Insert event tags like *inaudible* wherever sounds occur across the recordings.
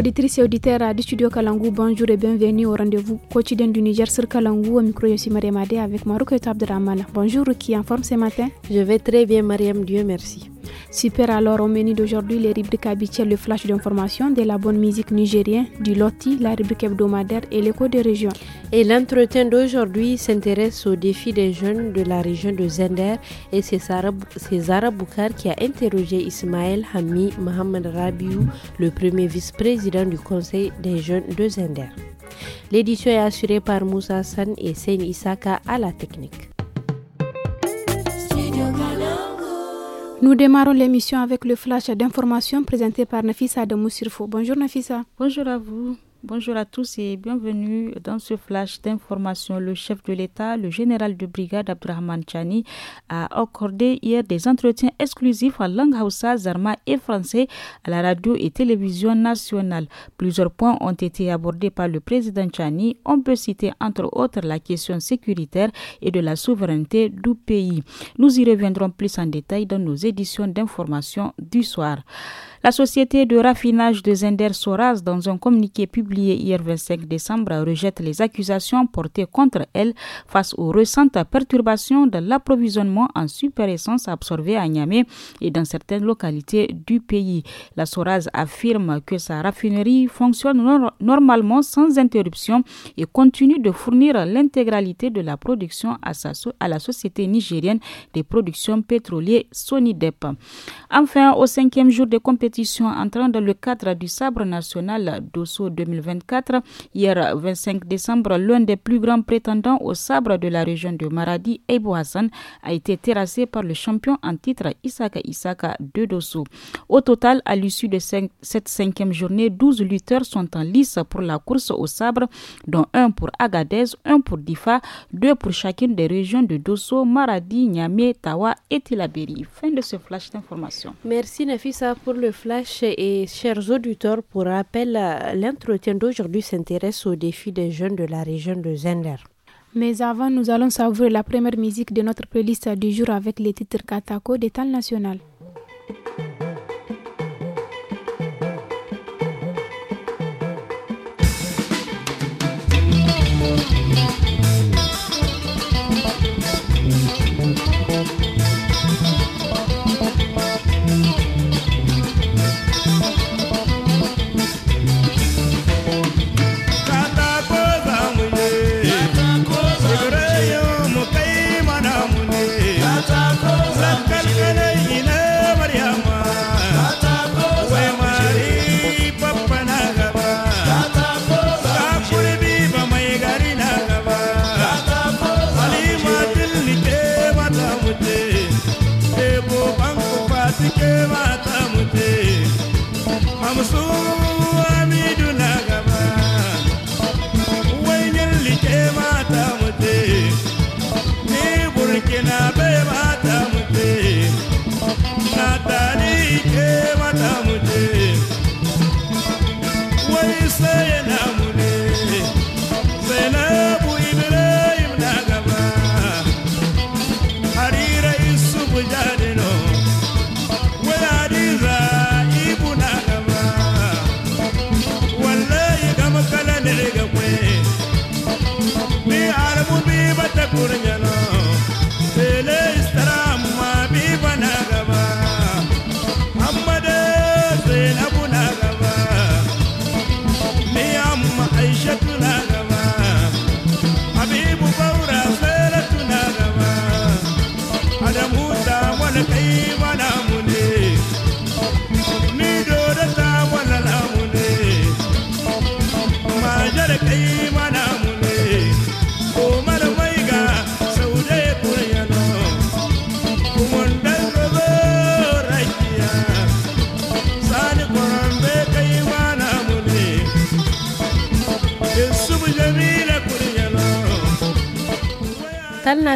Auditrice et auditeurs à studio Kalangou, bonjour et bienvenue au rendez-vous quotidien du Niger sur Kalangou. Au micro, je suis Mariam avec Marouk et Abdelrahman. Bonjour, qui en forme ce matin Je vais très bien, Mariam, Dieu merci. Super alors au menu d'aujourd'hui les rubriques habituelles, le flash d'information de la bonne musique nigérienne, du loti, la rubrique hebdomadaire et l'écho des régions. Et l'entretien d'aujourd'hui s'intéresse aux défis des jeunes de la région de Zender et c'est Zara Boukar qui a interrogé Ismaël Hami Mohamed Rabiou, le premier vice-président du Conseil des jeunes de Zender. L'édition est assurée par Moussa San et Seine Isaka à la technique. Nous démarrons l'émission avec le flash d'information présenté par Nafisa de Moussirfo. Bonjour Nafisa. Bonjour à vous. Bonjour à tous et bienvenue dans ce flash d'information. Le chef de l'État, le général de brigade Abdurrahman Chani, a accordé hier des entretiens exclusifs en langue Hausa, Zarma et français à la radio et télévision nationale. Plusieurs points ont été abordés par le président Chani. On peut citer entre autres la question sécuritaire et de la souveraineté du pays. Nous y reviendrons plus en détail dans nos éditions d'information du soir. La société de raffinage de Zender Soraz, dans un communiqué publié hier 25 décembre, rejette les accusations portées contre elle face aux récentes perturbations de l'approvisionnement en super-essence absorbée à Niamey et dans certaines localités du pays. La Soraz affirme que sa raffinerie fonctionne normalement sans interruption et continue de fournir l'intégralité de la production à, à la société nigérienne des productions pétrolières Sonidep. Enfin, au cinquième jour des compétitions, compétition entrant dans le cadre du Sabre national d'Osso 2024. Hier 25 décembre, l'un des plus grands prétendants au Sabre de la région de Maradi, Eibou Hassan, a été terrassé par le champion en titre Isaka Isaka de Dosso. Au total, à l'issue de cette cinquième journée, 12 lutteurs sont en lice pour la course au Sabre, dont un pour Agadez, un pour Difa, deux pour chacune des régions de Dosso, Maradi, Niamey, Tawa et Tilaberi. Fin de ce flash d'information. Merci Nafisa pour le Flash et chers auditeurs, pour rappel, l'entretien d'aujourd'hui s'intéresse aux défis des jeunes de la région de Zender. Mais avant, nous allons savourer la première musique de notre playlist du jour avec les titres Katako d'état national.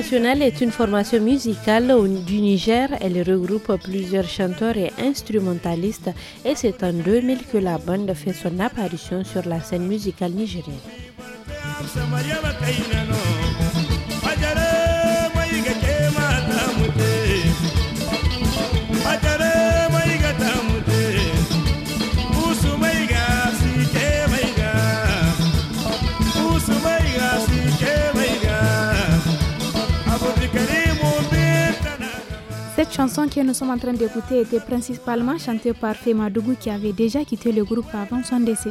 nationale est une formation musicale du Niger. Elle regroupe plusieurs chanteurs et instrumentalistes et c'est en 2000 que la bande fait son apparition sur la scène musicale nigérienne. chanson que nous sommes en train d'écouter était principalement chantée par Fema Dougou qui avait déjà quitté le groupe avant son décès.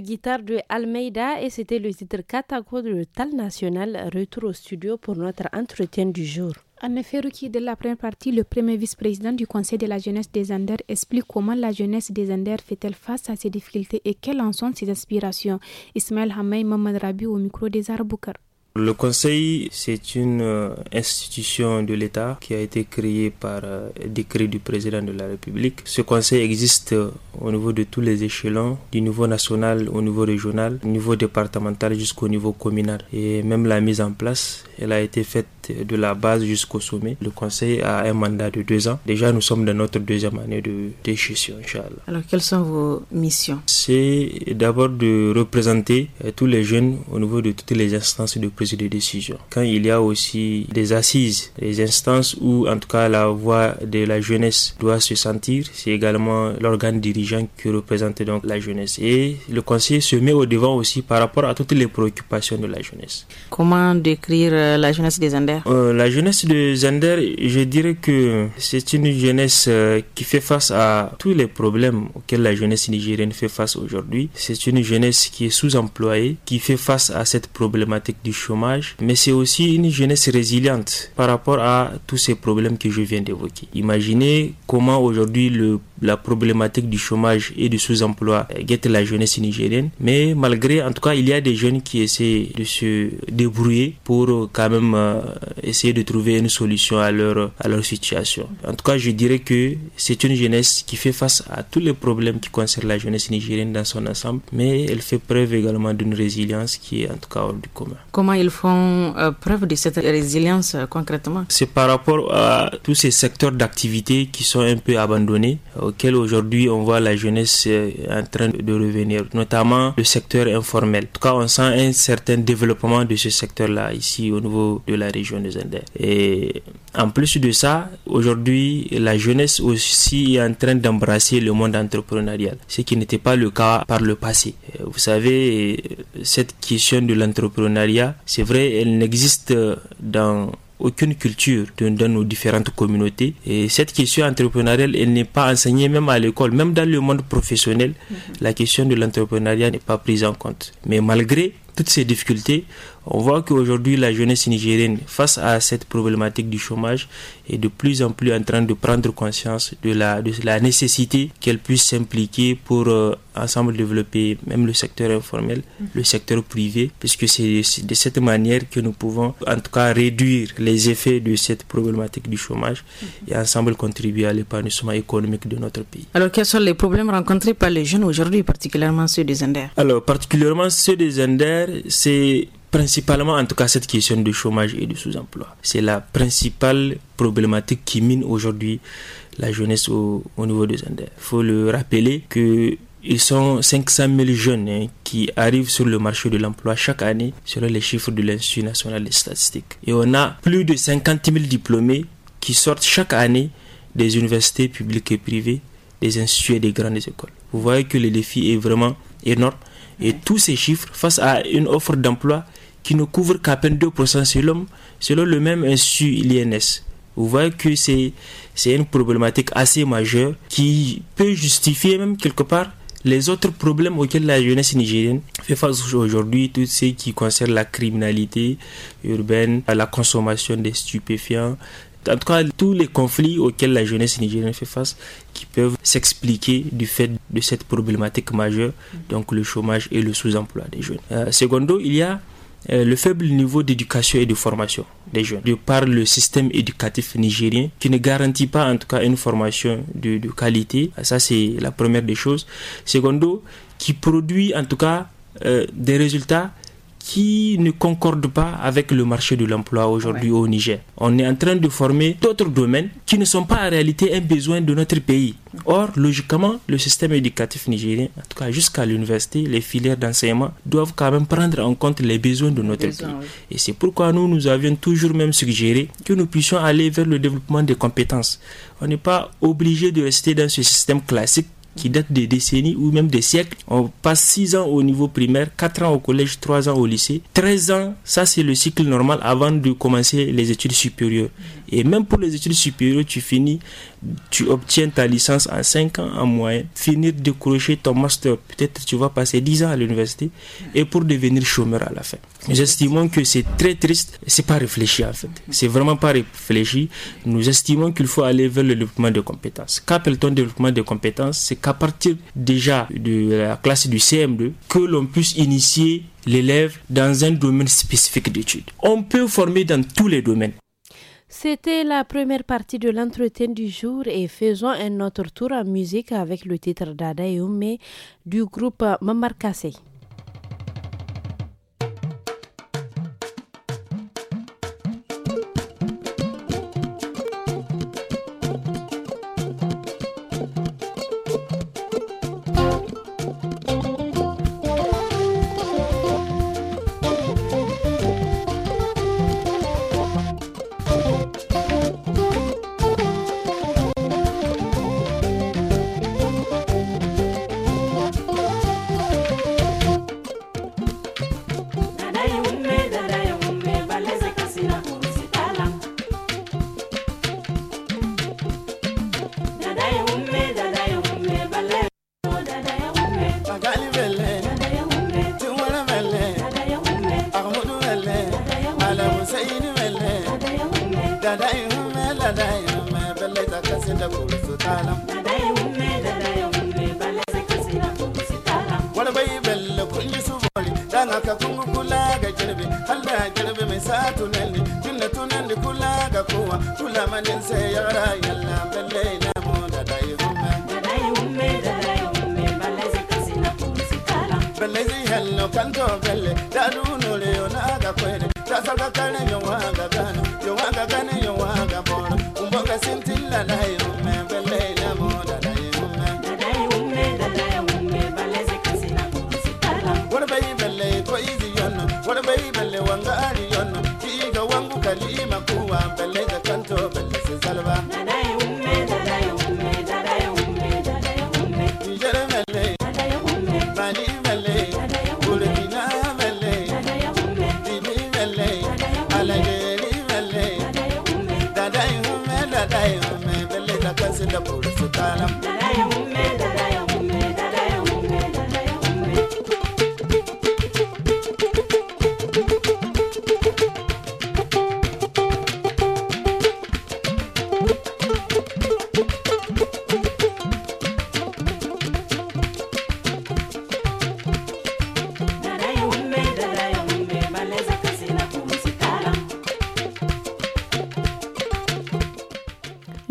guitare de Almeida et c'était le titre Catago de Tal National. Retour au studio pour notre entretien du jour. En effet, Ruki, de la première partie, le premier vice-président du Conseil de la jeunesse des Anders explique comment la jeunesse des Anders fait-elle face à ses difficultés et quelles en sont ses aspirations. Ismaël Hamay Mamad Rabi au micro des Arboukars. Le Conseil, c'est une euh, institution de l'État qui a été créée par euh, décret du président de la République. Ce Conseil existe euh, au niveau de tous les échelons, du niveau national au niveau régional, au niveau départemental jusqu'au niveau communal. Et même la mise en place, elle a été faite de la base jusqu'au sommet. Le conseil a un mandat de deux ans. Déjà, nous sommes dans notre deuxième année de, gestion, Alors, quelles sont vos missions C'est d'abord de représenter euh, tous les jeunes au niveau de toutes les instances de prise de décision. Quand il y a aussi des assises, des instances où, en tout cas, la voix de la jeunesse doit se sentir, c'est également l'organe dirigeant qui représente donc la jeunesse. Et le conseil se met au devant aussi par rapport à toutes les préoccupations de la jeunesse. Comment décrire euh, la jeunesse des Andes euh, la jeunesse de Zender, je dirais que c'est une jeunesse euh, qui fait face à tous les problèmes auxquels la jeunesse nigérienne fait face aujourd'hui. C'est une jeunesse qui est sous-employée, qui fait face à cette problématique du chômage, mais c'est aussi une jeunesse résiliente par rapport à tous ces problèmes que je viens d'évoquer. Imaginez comment aujourd'hui la problématique du chômage et du sous-emploi euh, guette la jeunesse nigérienne, mais malgré, en tout cas, il y a des jeunes qui essaient de se débrouiller pour quand même euh, essayer de trouver une solution à leur, à leur situation. En tout cas, je dirais que c'est une jeunesse qui fait face à tous les problèmes qui concernent la jeunesse nigérienne dans son ensemble, mais elle fait preuve également d'une résilience qui est en tout cas hors du commun. Comment ils font euh, preuve de cette résilience euh, concrètement C'est par rapport à tous ces secteurs d'activité qui sont un peu abandonnés, auxquels aujourd'hui on voit la jeunesse en train de revenir, notamment le secteur informel. En tout cas, on sent un certain développement de ce secteur-là ici au niveau de la région. Et en plus de ça, aujourd'hui, la jeunesse aussi est en train d'embrasser le monde entrepreneurial, ce qui n'était pas le cas par le passé. Vous savez, cette question de l'entrepreneuriat, c'est vrai, elle n'existe dans aucune culture dans nos différentes communautés. Et cette question entrepreneuriale, elle n'est pas enseignée même à l'école, même dans le monde professionnel, mhm. la question de l'entrepreneuriat n'est pas prise en compte. Mais malgré toutes ces difficultés, on voit qu'aujourd'hui la jeunesse nigérienne, face à cette problématique du chômage, est de plus en plus en train de prendre conscience de la, de la nécessité qu'elle puisse s'impliquer pour euh, ensemble développer même le secteur informel, mhm. le secteur privé, puisque c'est de cette manière que nous pouvons en tout cas réduire les effets de cette problématique du chômage mhm. et ensemble contribuer à l'épanouissement économique de notre pays. Alors quels sont les problèmes rencontrés par les jeunes aujourd'hui, particulièrement ceux des Inders Alors particulièrement ceux des Inders, c'est principalement en tout cas cette question du chômage et du sous-emploi. C'est la principale problématique qui mine aujourd'hui la jeunesse au, niveau des Andes. Il faut le rappeler que ils sont 500 000 jeunes hein, qui arrivent sur le marché de l'emploi chaque année selon les chiffres de l'Institut national des statistiques. Et on a plus de 50 000 diplômés qui sortent chaque année des universités publiques et privées, des instituts et des grandes écoles. Vous voyez que le défi est vraiment énorme et tous ces chiffres, face à une offre d'emploi qui ne couvre qu'à peine 2% selon, selon le même institut l'INS. Vous voyez que c'est une problématique assez majeure qui peut justifier même quelque part les autres problèmes auxquels la jeunesse nigérienne fait face aujourd'hui, tout ce qui concerne la criminalité urbaine, la consommation des stupéfiants, en tout cas tous les conflits auxquels la jeunesse nigérienne fait face qui peuvent s'expliquer du fait de cette problématique majeure, donc le chômage et le sous-emploi des jeunes. Euh, secondo, il y a euh, le faible niveau d'éducation et de formation des jeunes, de par le système éducatif nigérien qui ne garantit pas en tout cas une formation de, qualité. Ça, c'est la première des choses. Secondo, qui produit en tout cas euh, des résultats qui ne concorde pas avec le marché de l'emploi aujourd'hui au Niger. On est en train de former d'autres domaines qui ne sont pas en réalité un besoin de notre pays. Or, logiquement, le système éducatif nigérien, en tout cas jusqu'à l'université, les filières d'enseignement doivent quand même prendre en compte les besoins de notre pays. Et c'est pourquoi nous, nous avions toujours même suggéré que nous puissions aller vers le développement des compétences. On n'est pas obligé de rester dans ce système classique qui datent des décennies ou même des siècles. On passe 6 ans au niveau primaire, 4 ans au collège, 3 ans au lycée. 13 ans, ça c'est le cycle normal avant de commencer les études supérieures. Et même pour les études supérieures, tu finis, tu obtiens ta licence en 5 ans en moyenne. Finir de décrocher ton master, peut-être tu vas passer 10 ans à l'université et pour devenir chômeur à la fin. Nous estimons que c'est très triste, c'est pas réfléchi en fait. C'est vraiment pas réfléchi. Nous estimons qu'il faut aller vers le développement de compétences. Qu'appelle-t-on développement de compétences C'est qu'à partir déjà de la classe du CM2, que l'on puisse initier l'élève dans un domaine spécifique d'études. On peut former dans tous les domaines. C'était la première partie de l'entretien du jour et faisons un autre tour en musique avec le titre d'Adaïoumé du groupe Mamarkase. no kantogale dalunule yonaga kwene tasaga kane yowanga gana yowanga gane yowanga bona umboga sintilla layo What a baby,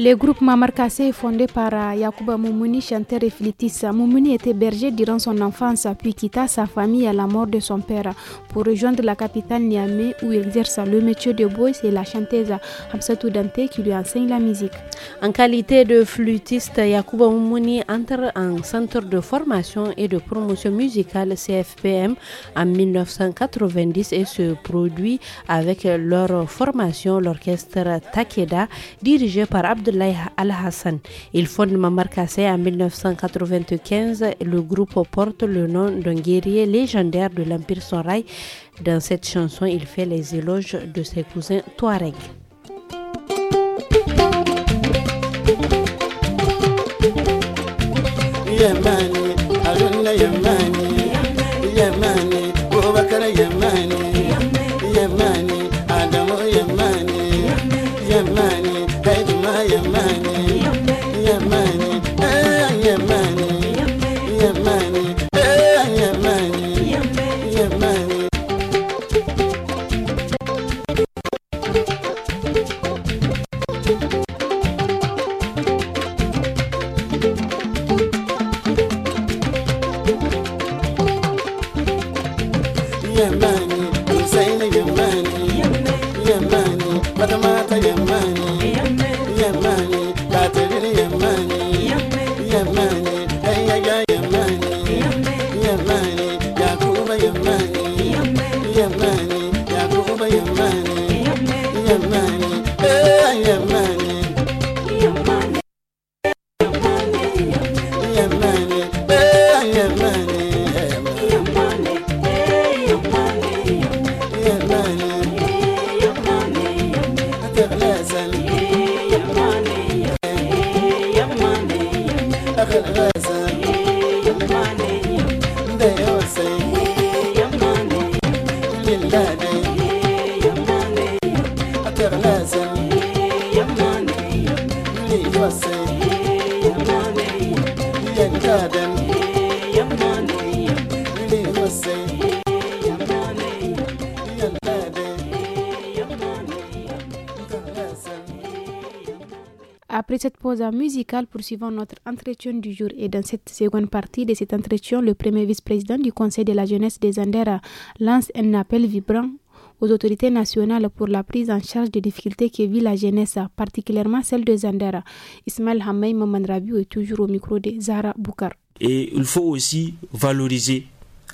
Le groupe Mamarkassé est fondé par euh, Yakuba Moumouni, chanteur et flûtiste. Euh, Moumouni était berger durant son enfance, puis quitta sa famille à la mort de son père pour rejoindre la capitale Niamey où il exerce le métier de boy et la chanteuse Hamsatou Dante qui lui enseigne la musique. En qualité de flûtiste, Yakuba Moumouni entre en centre de formation et de promotion musicale CFPM en 1990 et se produit avec leur formation l'orchestre Takeda dirigé par Abdullah Al-Hassan. Il fonde Mamarkase en 1995. Le groupe porte le nom d'un guerrier légendaire de l'Empire Sorai. Dans cette chanson, il fait les éloges de ses cousins Touareg. man. musical poursuivant notre entretien du jour. Et dans cette seconde partie de cet entretien, le premier vice-président du Conseil de la jeunesse des Andera lance un appel vibrant aux autorités nationales pour la prise en charge des difficultés que vit la jeunesse, particulièrement celle de Zandera. Ismaël Hamay Mamandrabiou est toujours au micro de Zara Boukar. Et il faut aussi valoriser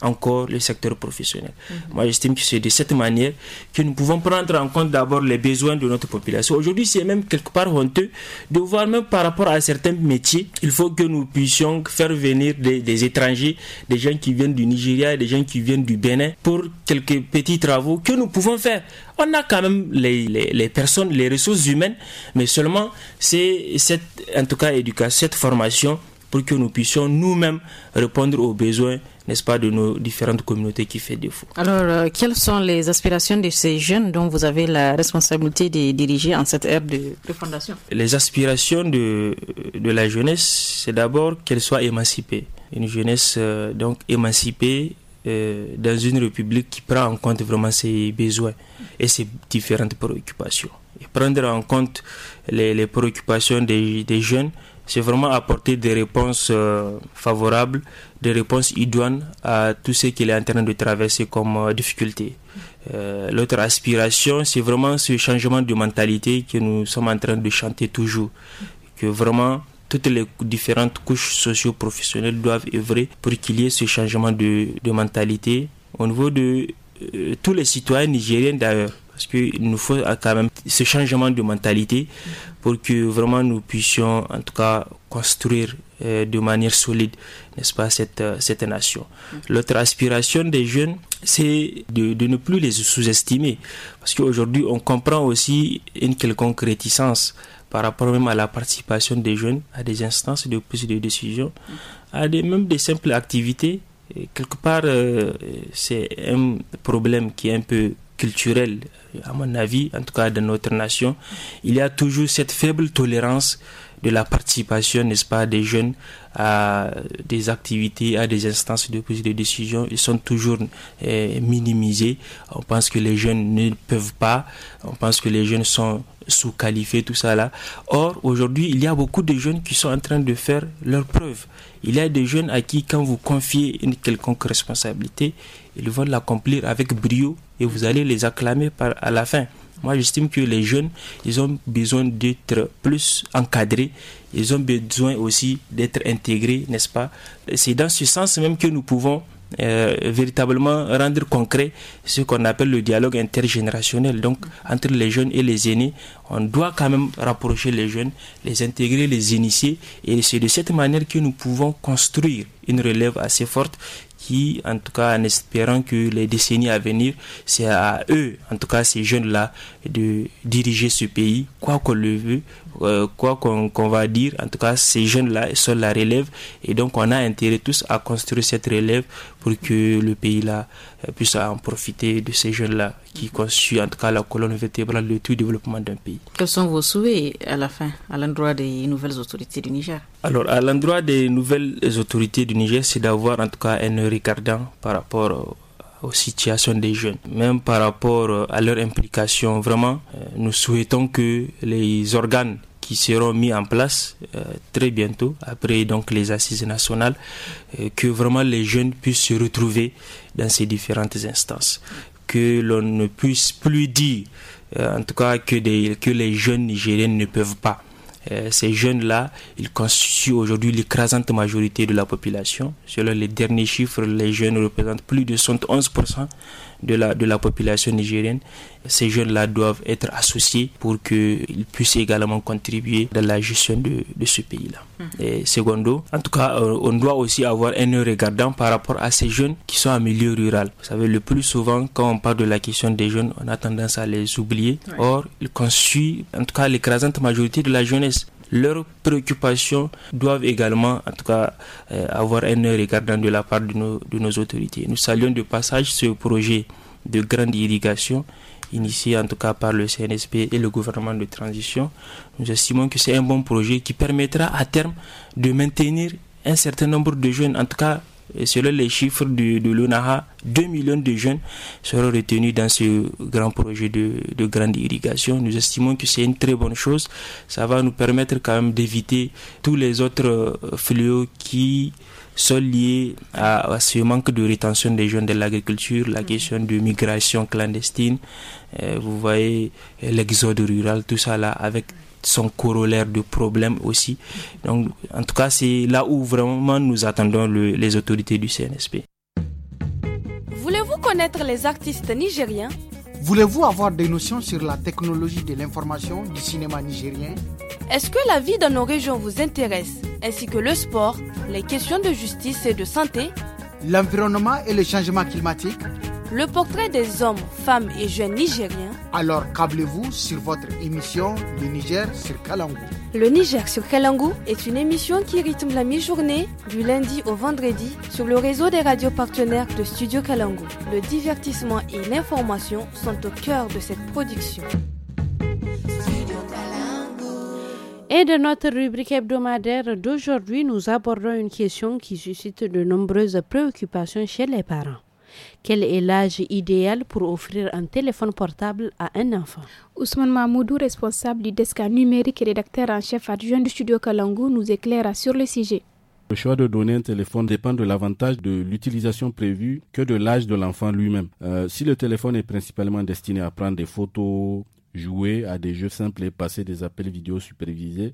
encore le secteur professionnel. Moi, j'estime que c'est de cette manière que nous pouvons prendre en compte d'abord les besoins de notre population. Aujourd'hui, c'est même quelque part honteux de voir même par rapport à certains métiers, il faut que nous puissions faire venir des, étrangers, des gens qui viennent du Nigeria, des gens qui viennent du Bénin, pour quelques petits travaux que nous pouvons faire. On a quand même les, les, personnes, les ressources humaines, mais seulement c'est cette, en tout cas, éducation, cette formation pour que nous puissions nous-mêmes répondre aux besoins n'est-ce pas, de nos différentes communautés qui fait défaut. Alors, euh, quelles sont les aspirations de ces jeunes dont vous avez la responsabilité de diriger en cette ère de, de fondation Les aspirations de, de la jeunesse, c'est d'abord qu'elle soit émancipée. Une jeunesse euh, donc émancipée euh, dans une république qui prend en compte vraiment ses besoins et ses différentes préoccupations. Et prendre en compte les, les préoccupations des, des jeunes c'est vraiment apporter des réponses euh, favorables, des réponses idoines à tout ce qu'il est en train de traverser comme euh, difficulté. Euh, l'autre aspiration, c'est vraiment ce changement de mentalité que nous sommes en train de chanter toujours. Que vraiment, toutes les différentes couches socio-professionnelles doivent œuvrer pour qu'il y ait ce changement de mentalité au niveau de tous les citoyens nigériens d'ailleurs parce qu'il nous faut euh, quand même ce changement de mentalité pour que vraiment nous puissions en tout cas construire euh, de manière solide, n'est-ce pas, cette, euh, cette nation. L'autre aspiration des jeunes, c'est de, ne plus les sous-estimer, parce qu'aujourd'hui, on comprend aussi une quelconque réticence par rapport même à la participation des jeunes à des instances de prise de décision, à des, même des simples activités. quelque part, c'est un problème qui est un peu culturel à mon avis, en tout cas de notre nation, il y a toujours cette faible tolérance de la participation, n'est-ce pas, des jeunes à des activités, à des instances de prise de décision. Ils sont toujours eh, minimisés. On pense que les jeunes ne peuvent pas. On pense que les jeunes sont sous-qualifiés, tout ça là. Or, aujourd'hui, il y a beaucoup de jeunes qui sont en train de faire leurs preuves. Il y a des jeunes à qui, quand vous confiez une quelconque responsabilité, ils vont l'accomplir avec brio, et vous allez les acclamer par, à la fin. Moi, j'estime que les jeunes, ils ont besoin d'être plus encadrés. Ils ont besoin aussi d'être intégrés, n'est-ce pas C'est dans ce sens même que nous pouvons euh, véritablement rendre concret ce qu'on appelle le dialogue intergénérationnel. Donc, entre les jeunes et les aînés, on doit quand même rapprocher les jeunes, les intégrer, les initier. Et c'est de cette manière que nous pouvons construire une relève assez forte qui, en tout cas, en espérant que les décennies à venir, c'est à eux, en tout cas ces jeunes-là, de diriger ce pays, quoi qu'on le veut, euh, quoi qu'on va dire, en tout cas, ces jeunes-là sont la relève. Et donc, on a intérêt tous à construire cette relève pour que le pays-là euh, puisse en profiter de ces jeunes-là qui constituent en tout cas la colonne vertébrale de tout développement d'un pays. Quels sont vos souhaits à la fin, à l'endroit des nouvelles autorités du Niger Alors, à l'endroit des nouvelles autorités du Niger, c'est d'avoir en tout cas un regardant par rapport aux situations des jeunes, même par rapport euh, à leur implication. Vraiment, euh, nous souhaitons que les organes qui seront mis en place euh, très bientôt après donc les assises nationales que vraiment les jeunes puissent se retrouver dans ces différentes instances que l'on ne puisse plus dire en tout cas que que les jeunes nigériens ne peuvent pas euh, ces jeunes-là, ils constituent aujourd'hui l'écrasante majorité de la population. Selon les derniers chiffres, les jeunes représentent plus de 71% de la, population nigérienne. Ces jeunes-là doivent être associés pour qu'ils puissent également contribuer dans la gestion de, ce pays-là. Mhm. Et secondo, en tout cas, euh, on doit aussi avoir un regardant par rapport à ces jeunes qui sont en milieu rural. Vous savez, le plus souvent, quand on parle de la question des jeunes, on a tendance à les oublier. Or, il constituent, en tout cas, l'écrasante majorité de la jeunesse leurs préoccupations doivent également, en tout cas, euh, avoir un œil regardant de la part de nos, de nos autorités. Nous saluons de passage ce projet de grande irrigation initié en tout cas par le CNSP et le gouvernement de transition. Nous estimons que c'est un bon projet qui permettra à terme de maintenir un certain nombre de jeunes, en tout cas et selon les chiffres de, de l'ONAHA, 2 millions de jeunes seront retenus dans ce grand projet de, grande irrigation. Nous estimons que c'est une très bonne chose. Ça va nous permettre quand même d'éviter tous les autres euh, fléaux qui sont liés à, à, ce manque de rétention des jeunes de l'agriculture, la mm. question de migration clandestine, euh, vous voyez l'exode rural, tout ça là, avec son corollaire de problèmes aussi. Donc, en tout cas, c'est là où vraiment nous attendons les autorités du CNSP. Voulez-vous connaître les artistes nigériens Voulez-vous avoir des notions sur la technologie de l'information du cinéma nigérien Est-ce que la vie dans nos régions vous intéresse, ainsi que le sport, les questions de justice et de santé L'environnement et le changement climatique le portrait des hommes, femmes et jeunes nigériens. Alors câblez-vous sur votre émission Le Niger sur Kalangou. Le Niger sur Kalangou est une émission qui rythme la mi-journée du lundi au vendredi sur le réseau des radios partenaires de Studio Kalangou. Le divertissement et l'information sont au cœur de cette production. Et de notre rubrique hebdomadaire d'aujourd'hui, nous abordons une question qui suscite de nombreuses préoccupations chez les parents. Quel est l'âge idéal pour offrir un téléphone portable à un enfant Ousmane Mahmoudou, responsable du desk numérique et rédacteur en chef adjoint du studio Kalangou, nous éclaire sur le sujet. Le choix de donner un téléphone dépend de l'avantage de l'utilisation prévue que de l'âge de l'enfant lui-même. Euh, si le téléphone est principalement destiné à prendre des photos, jouer à des jeux simples et passer des appels vidéo supervisés,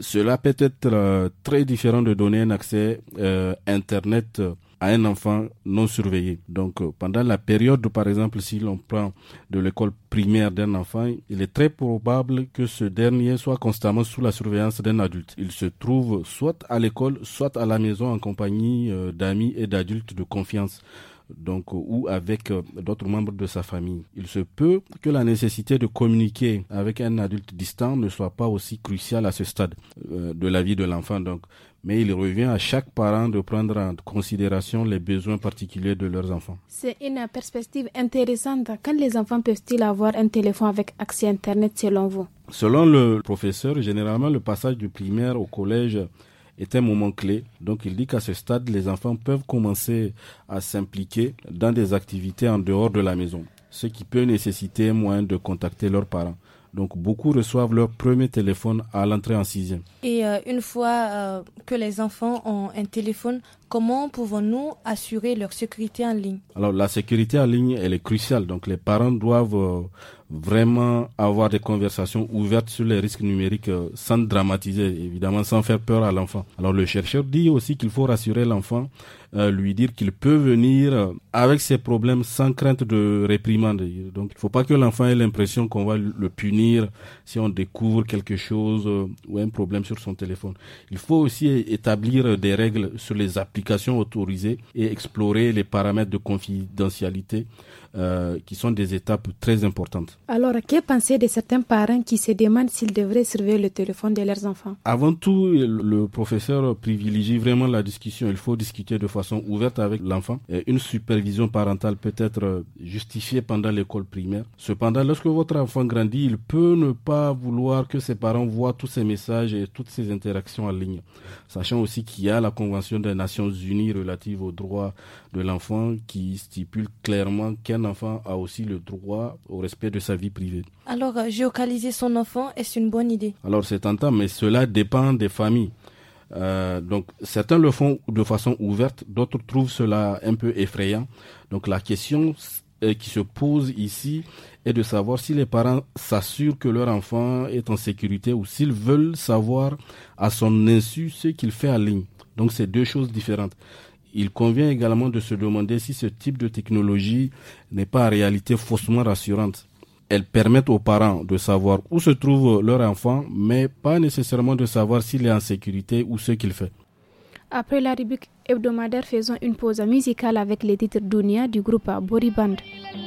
cela peut être euh, très différent de donner un accès euh, Internet à un enfant non surveillé. Donc, euh, pendant la période, par exemple, si l'on prend de l'école primaire d'un enfant, il est très probable que ce dernier soit constamment sous la surveillance d'un adulte. Il se trouve soit à l'école, soit à la maison en compagnie euh, d'amis et d'adultes de confiance donc euh, ou avec d'autres membres de sa famille. Il se peut que la nécessité de communiquer avec un adulte distant ne soit pas aussi cruciale à ce stade de la vie de l'enfant donc mais il revient à chaque parent de prendre en considération les besoins particuliers de leurs enfants. C'est une perspective intéressante. Quand les enfants peuvent-ils avoir un téléphone avec accès Internet selon vous Selon le professeur, généralement le passage du primaire au collège est un moment clé. Donc il dit qu'à ce stade, les enfants peuvent commencer à s'impliquer dans des activités en dehors de la maison, ce qui peut nécessiter moins moyen de contacter leurs parents. Donc beaucoup reçoivent leur premier téléphone à l'entrée en sixième. Et euh, une fois euh, que les enfants ont un téléphone, Comment pouvons-nous assurer leur sécurité en ligne Alors la sécurité en ligne, elle est cruciale. Donc les parents doivent euh, vraiment avoir des conversations ouvertes sur les risques numériques euh, sans dramatiser, évidemment, sans faire peur à l'enfant. Alors le chercheur dit aussi qu'il faut rassurer l'enfant, euh, lui dire qu'il peut venir avec ses problèmes sans crainte de réprimande. Donc il ne faut pas que l'enfant ait l'impression qu'on va le punir si on découvre quelque chose ou un problème sur son téléphone. Il faut aussi établir des règles sur les appels applications autorisées et explorer les paramètres de confidentialité euh, qui sont des étapes très importantes. Alors, que penser de certains parents qui se demandent s'ils devraient surveiller le téléphone de leurs enfants Avant tout, le professeur privilégie vraiment la discussion. Il faut discuter de façon ouverte avec l'enfant. Une supervision parentale peut être euh, justifiée pendant l'école primaire. Cependant, lorsque votre enfant grandit, il peut ne pas vouloir que ses parents voient tous ses messages et toutes ses interactions en ligne. Sachant aussi qu'il y a la Convention des Nations Unies relative aux droits de l'enfant qui stipule clairement qu'un enfant a aussi le droit au respect de sa vie privée. Alors, euh, géocaliser son enfant, est-ce une bonne idée Alors, c'est tentant, mais cela dépend des familles. Euh, donc, certains le font de façon ouverte, d'autres trouvent cela un peu effrayant. Donc, la question euh, qui se pose ici est de savoir si les parents s'assurent que leur enfant est en sécurité ou s'ils veulent savoir à son insu ce qu'il fait en ligne. Donc, c'est deux choses différentes il convient également de se demander si ce type de technologie n'est pas en réalité faussement rassurante. Elles permettent aux parents de savoir où se trouve leur enfant, mais pas nécessairement de savoir s'il est en sécurité ou ce qu'il fait. Après la rubrique hebdomadaire, faisons une pause musicale avec les titres Dunia du groupe Boriband. Band.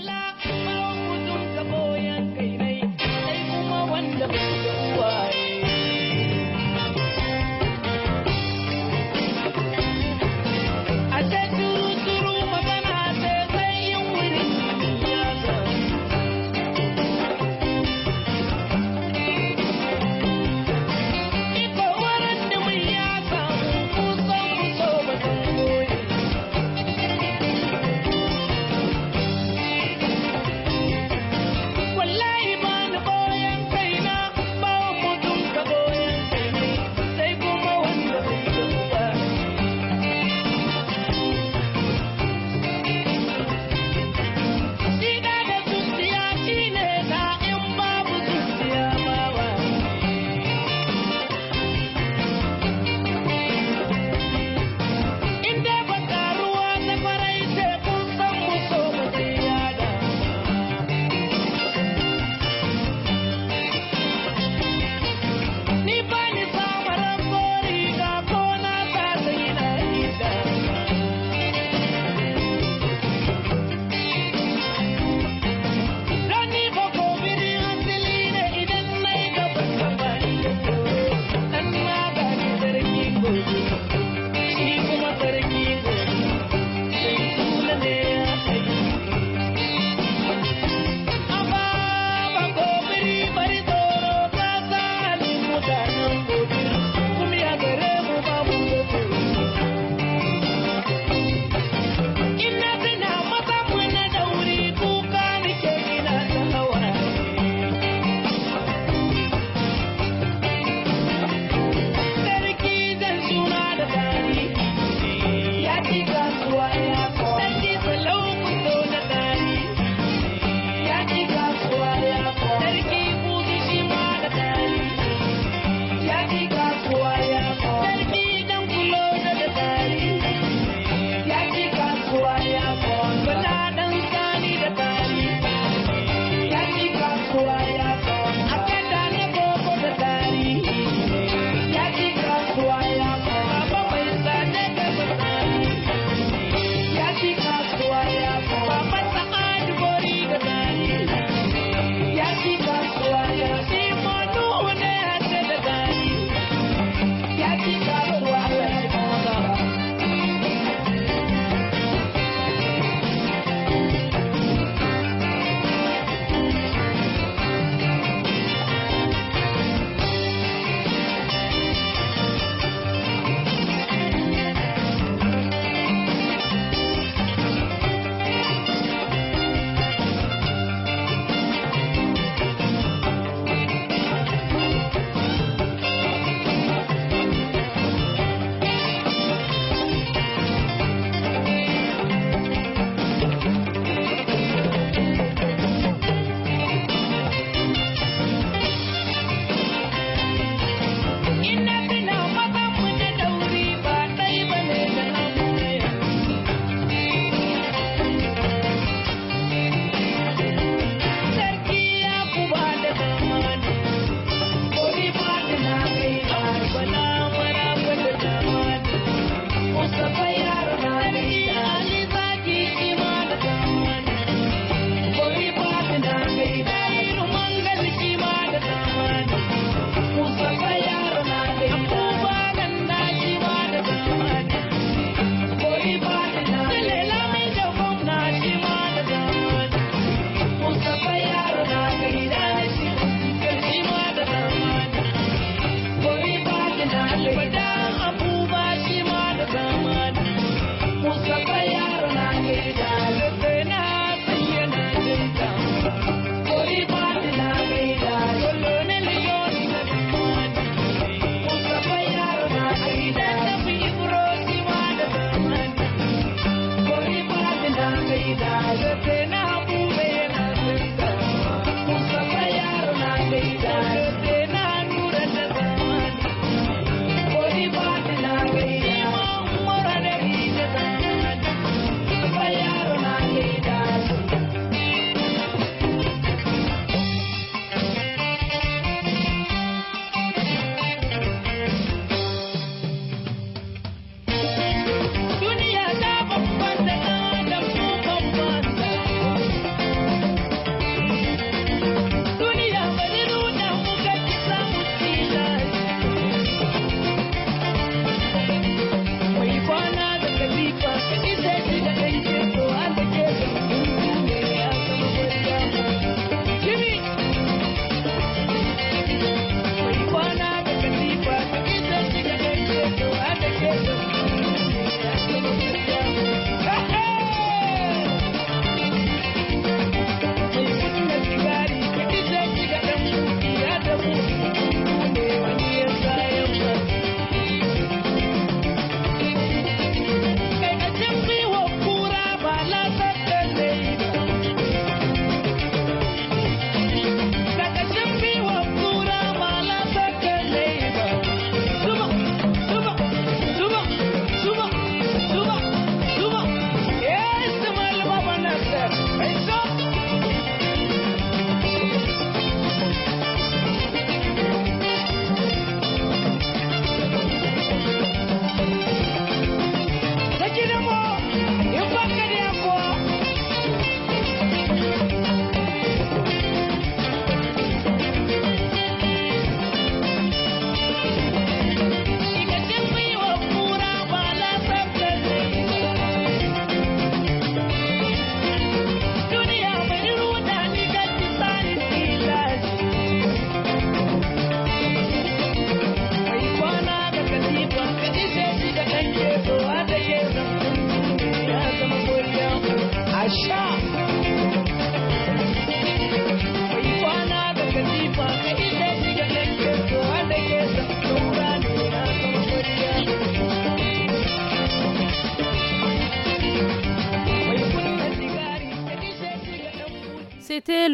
Baby.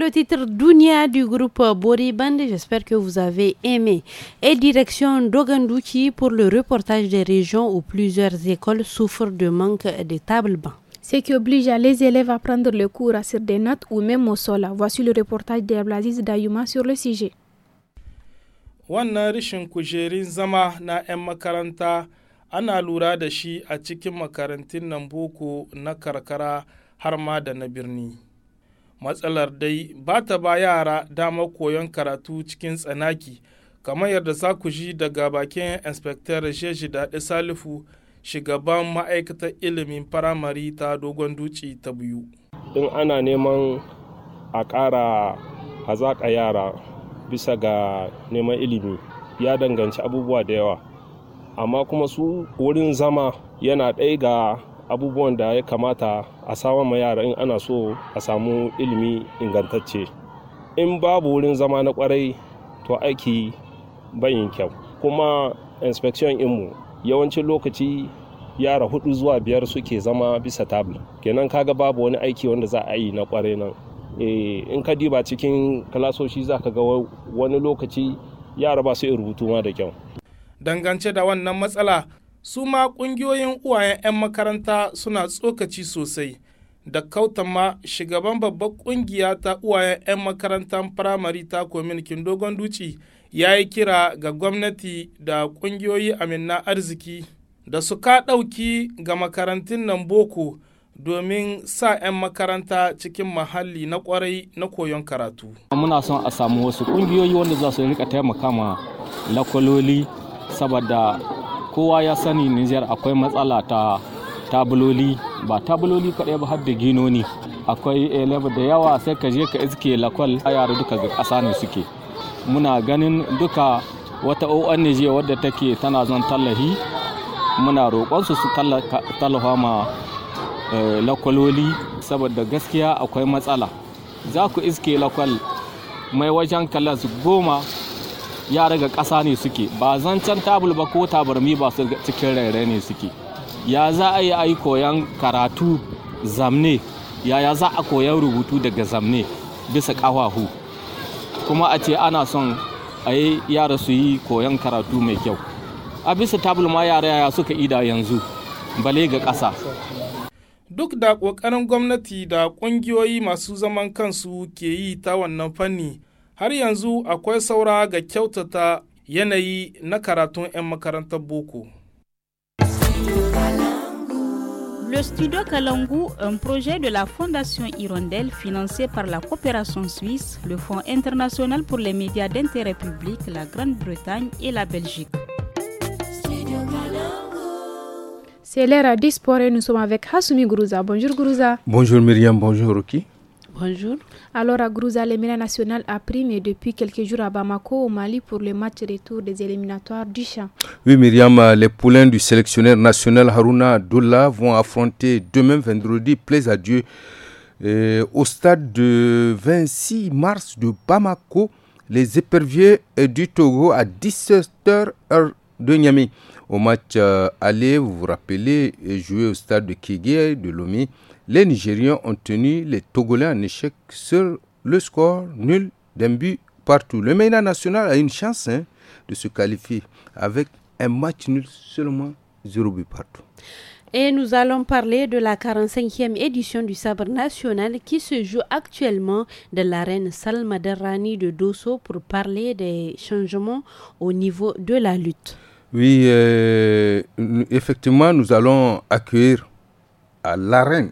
le titre Dunia du groupe Bori Band. J'espère que vous avez aimé. Et direction Dogandouki pour le reportage des régions où plusieurs écoles souffrent de manque de tables bancs. Ce qui oblige les élèves à prendre le cours à sur des notes ou même au sol. Voici le reportage d'Ablaziz Dayuma sur le sujet. wannan zama na makaranta ana lura da shi a cikin makarantun boko na matsalar dai ba ta ba yara damar koyon karatu cikin tsanaki kamar yadda za ku ji daga bakin inspector jeji daɗi salifu shugaban ma'aikatar ilimin firamare ta dogon duci ta biyu in ana neman a ƙara hazaƙa yara bisa ga neman ilimi ya danganci abubuwa da yawa amma kuma su wurin zama yana ɗaya ga abubuwan da ya kamata a samar ma yara in ana so a samu ilimi ingantacce in babu wurin zama na kwarai to aiki bayin kyau kuma inspection inmu yawancin lokaci yara hudu zuwa biyar suke zama bisa tabla kenan kaga babu wani aiki wanda za a yi na kwarai nan eh, in ka diba cikin kalasoshi za ka ga wani lokaci yara ba su rubutu ma da kyau dangance da wannan matsala su ma ƙungiyoyin uwayen 'yan makaranta suna tsokaci sosai da kautan ma shugaban babbar ƙungiya ta uwayen 'yan makarantar firamare ta kominikin dogon duci ya yi kira ga gwamnati da ƙungiyoyi amina arziki da su ka ɗauki ga makarantun nan boko domin sa 'yan makaranta cikin mahalli na ƙwarai na koyon karatu. Muna son a samu wasu ƙungiyoyi wanda za su rika taimaka ma lakwaloli saboda kowa ya sani Nijar akwai matsala ta tabuloli ba tabuloli kaɗai ba har da ginoni akwai elebu da yawa sai ka je ka iske lakwal a yara duka ga ƙasa ne suke muna ganin duka wata ONG wadda take tana zan tallahi muna roƙonsu su tallafa ma eh, lakwaloli saboda gaskiya akwai matsala za ku iske lakwal mai wajen kalas goma yara ga ƙasa ne suke ba zancen tabul ba ko tabarmi ba su cikin raira ne suke ya za a yi koyan karatu zamne yaya za a koyan rubutu daga zamne bisa ƙawahu kuma a ce ana son a yi yara su yi koyan karatu mai kyau a bisa tabul ma yara yaya suka ida yanzu bale ga ƙasa duk da ƙoƙarin gwamnati da ƙungiyoyi masu zaman kansu ke yi ta wannan fanni Hari yanzu akwai ga kyautata yanayi na karatun boko. Le studio Kalangu, un projet de la Fondation Hirondelle financé par la coopération suisse, le Fonds international pour les médias d'intérêt public, la Grande-Bretagne et la Belgique. C'est l'ère à 10 nous sommes avec Hasumi Gourouza. Bonjour Gourouza. Bonjour Myriam, bonjour Ruki. Bonjour. Alors à Grouza, les national a pris mais depuis quelques jours à Bamako, au Mali, pour le match retour des éliminatoires du champ. Oui, Myriam, les poulains du sélectionneur national Haruna Doula vont affronter demain vendredi, plaise à Dieu, euh, au stade de 26 mars de Bamako, les éperviers euh, du Togo à 17h de Niamey. Au match euh, aller, vous vous rappelez, joué au stade de Kigué de Lomé les Nigériens ont tenu les Togolais en échec sur le score nul d'un but partout. Le MENA national a une chance hein, de se qualifier avec un match nul seulement zéro but partout. Et nous allons parler de la 45e édition du Sabre national qui se joue actuellement de l'arène Salma Derrani de Dosso pour parler des changements au niveau de la lutte. Oui, euh, effectivement, nous allons accueillir à l'arène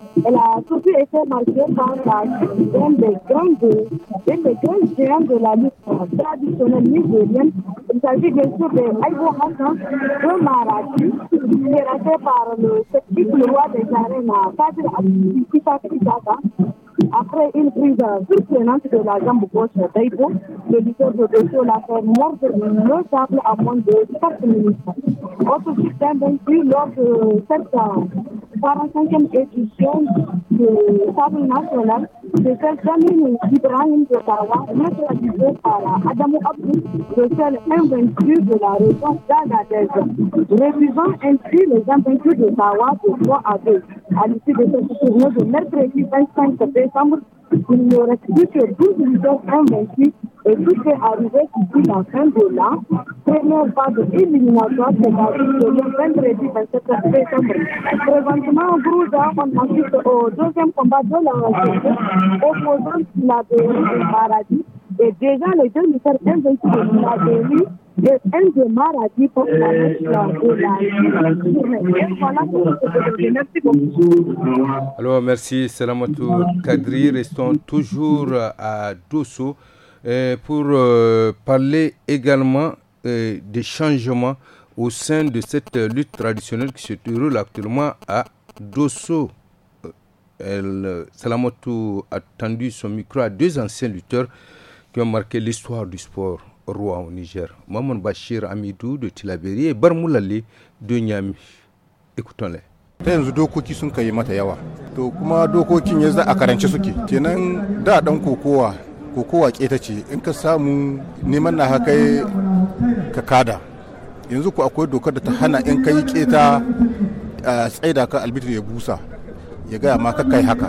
Elle a surtout été marquée par la l'un des grands géants de la lutte traditionnelle nigérienne. Il s'agit bien sûr de Aïbo Hassan, de est raté par le sceptique roi des arènes, Fadil Abdikita après une prise surprenante de la jambe gauche d'Aïbo, le lutteur de Dessau l'a fait mordre le sable à moins de 4 minutes. Autre système vaincu lors de cette para hacer to stop de Nacional de celle d'Amin Ibrahim de Tawa, neutralisée par Adamo Abdou, le seul invaincu de la région d'Agadez. Refusant ainsi les invaincus de Tawa de 3 à 2. À l'issue de ce tournoi de mercredi 25 décembre, il n'y aurait plus que 12 lutteurs invaincus et tout est arrivé ici la fin de l'an. Première phase éliminatoire, cest à le vendredi 27 décembre. Présentement, Grouda, on assiste au deuxième combat de la opposant l'ADN de Maradi. Et déjà, les deux ministères, un de l'ADN et un de Maradi pour la Et voilà Merci beaucoup. Alors, merci Salamatou Kadri. Restons toujours à Dosso pour euh, parler également euh, des changements au sein de cette lutte traditionnelle qui se déroule actuellement à Dosso. elle, Salamotou a tendu son micro à deux anciens lutteurs qui ont marqué l'histoire du sport roi au Niger. Maman Bachir Amidou de Tilaberi et Barmoulali de Niami. Écoutons-les. ta yanzu dokoki sun kai mata yawa to kuma dokokin yanzu a karance suke kenan da dan kokowa kokowa keta ce in ka samu neman na haka ka kada yanzu ku akwai dokar da ta hana in kai keta a tsaida ka albitir ya busa ya gaya ma ka kai haka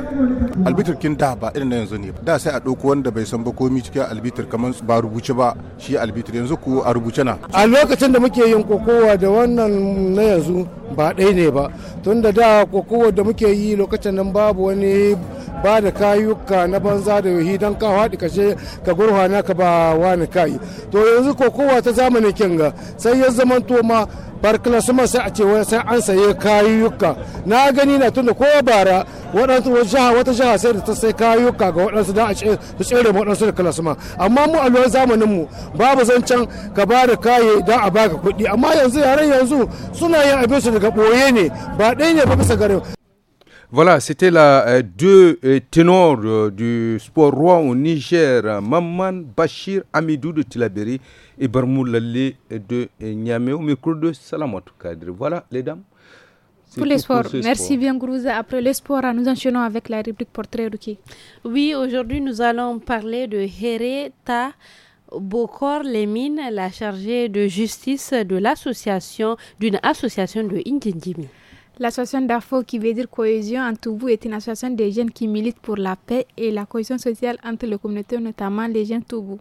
albitir kin da ba irin na yanzu ne da sai a ɗauko wanda bai san ba komi cikin albitir kamar ba rubuce ba shi albitir yanzu ko a rubuce na a lokacin da muke yin kokowa da wannan na yanzu ba ɗaya ne ba tun da da kokowa da muke yi lokacin nan babu wani ba da kayuka na banza da yohi don ka haɗi kashe ka gurhana ka ba wani kayi to yanzu kokowa ta zamanin kinga sai ya to ma bar sai a ce sai an saye kayuka na gani na tunda ko bara daya waɗansu jiha wata jiha sai da ta sai kayuka ga waɗansu da a tsere waɗansu da kalasuma amma mu a luwan zamanin mu babu zancen ka ba da kaye don a baka kuɗi amma yanzu yaren yanzu suna yin abin su daga ɓoye ne ba ɗaya ne ba bisa garin Voilà, c'était la euh, deux euh, ténors euh, du sport roi au Niger, Maman Bachir Amidou de Tilaberi et Barmou Lalé de Niamey au micro de Salamatou Kadri. Voilà, les dames. Pour l'espoir. Merci bien, Gourouza. Après l'espoir, nous enchaînons avec la rubrique portrait Ruki. Oui, aujourd'hui, nous allons parler de Hereta. Bokor Lemine, la chargée de justice de l'association, d'une association de Indjindjimi. L'association DAFO, qui veut dire cohésion en Toubou, est une association des jeunes qui militent pour la paix et la cohésion sociale entre les communautés, notamment les jeunes Toubou.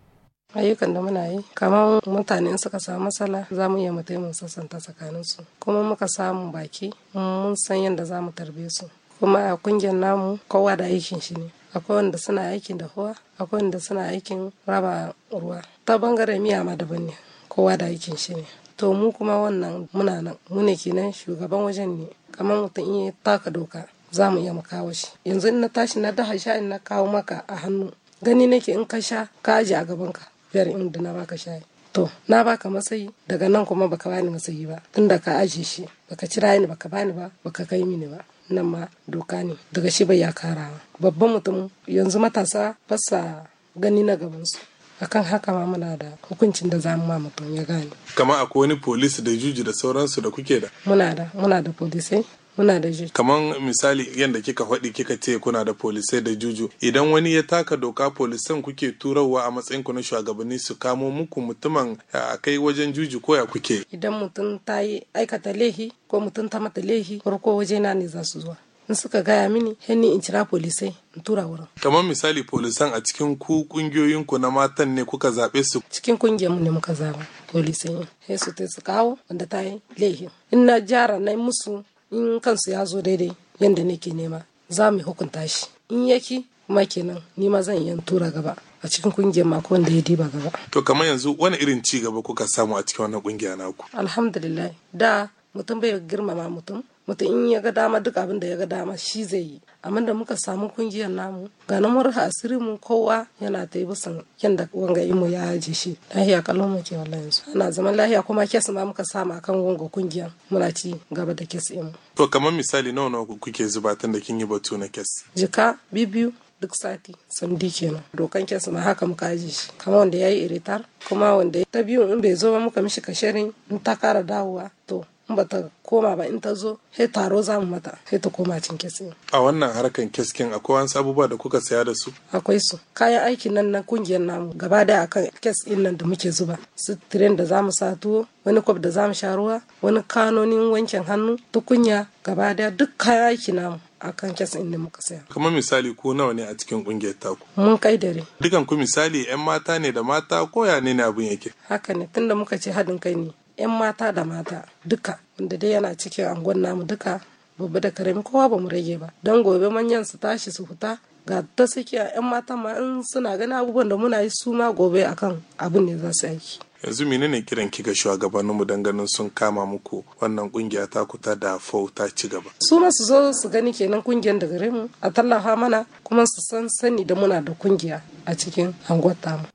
ayyukan da muna yi kamar mutane in suka samu matsala za mu iya mu sassanta tsakanin su kuma muka samu baki mun san yadda za mu tarbe su kuma a kungiyar namu kowa da aikin shi ne akwai wanda suna aikin kowa akwai wanda suna aikin raba ruwa ta bangare miya ma daban ne kowa da aikin shi ne to mu kuma wannan muna nan mu ne kenan shugaban wajen ne kamar mutum in ya taka doka za mu iya mu kawo shi yanzu in na tashi na daha sha in na kawo maka a hannu gani nake in ka sha ka aji a gaban ka biyar in da na baka shayi to na baka masayi daga nan kuma baka bani masayi ba tunda ka aje shi baka cira ni baka bani ba baka kai mini ba nan ma doka ne daga shi bai ya karawa babban mutum yanzu matasa fasa gani na gabansu akan haka ma muna da hukuncin da zamu ma mutum ya gane. Kama akwai wani polisi da juji da sauransu da kuke da? Muna da, muna da polisai muna da juju kaman misali yadda kika faɗi kika ce kuna da polisai da juju idan wani ya taka doka polisan kuke turarwa a matsayin ku na shugabanni su kamo muku mutumin a kai wajen juju koya kuke idan mutum ta yi aikata laihi ko mutum ta mata laihi farko waje na ne za su zuwa in suka gaya mini hannu in cira polisai in tura wurin. kamar misali polisan a cikin ku kungiyoyin ku na matan ne kuka zaɓe su. cikin kungiyar mu ne muka zaɓa polisai sai su ta su kawo wanda ta yi laihin in na jara na musu in kansu ya zo daidai yadda nake nema za mu hukunta shi in yaki kuma kenan ni ma zan iya tura gaba a cikin kungiyar ma mako wanda ya diba gaba to kamar yanzu wani irin ci gaba kuka samu a cikin wannan kungiya naku alhamdulillah da mutum bai girmama mutum mutum in ya ga dama duk abin da ya ga dama shi zai yi amma da muka samu kungiyar namu ga na murha mu kowa yana ta yi bisan da wanga imu ya aje shi lahiya kallon mu ke wallahi yanzu ana zaman lahiya kuma kes ma muka samu akan wanga kungiyar muna ci gaba da kes imu. to kamar misali nawa nawa kuke zuba tun da kin yi batu na kes. jika bibiyu duk sati samdi kenan dokan kes ma haka muka aje shi kamar wanda ya yi iritar kuma wanda ta biyu in bai zo ba muka mishi kashirin in ta kara dawowa to in bata koma ba in ta zo sai taro za mu mata sai ta koma cin kitse a wannan harkan keskin, akwai wasu abubuwa da kuka saya da su akwai su kayan aikin nan na kungiyar namu gaba da akan kes din nan da muke zuba su tren da zamu sa tuwo wani kwab da zamu sha ruwa wani kanonin wankin hannu tukunya gaba da duk kayan aiki namu a kan kes ɗin da muka saya. Kamar misali ko nawa ne a cikin ta taku? Mun kai dare. Dukan ku misali 'yan mata ne da mata ko ya ne abin yake? Haka ne tunda muka ce haɗin kai ne. 'yan mata da mata duka wanda dai yana cikin angon namu duka babba da karami kowa ba mu rage ba don gobe manyan su tashi su fita ga ta suke 'yan mata ma in suna ganin abubuwan da muna yi su ma gobe akan abin ne za su aiki yanzu menene kiran ki ga mu don ganin sun kama muku wannan kungiya ta kuta da fau ta ci gaba su ma su zo su gani kenan kungiyar da gare mu a tallafa mana kuma su san sani da muna da kungiya a cikin angon tamu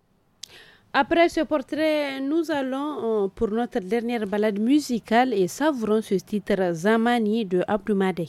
Après ce portrait, nous allons euh, pour notre dernière balade musicale et savourons ce titre Zamani de Abdoumade.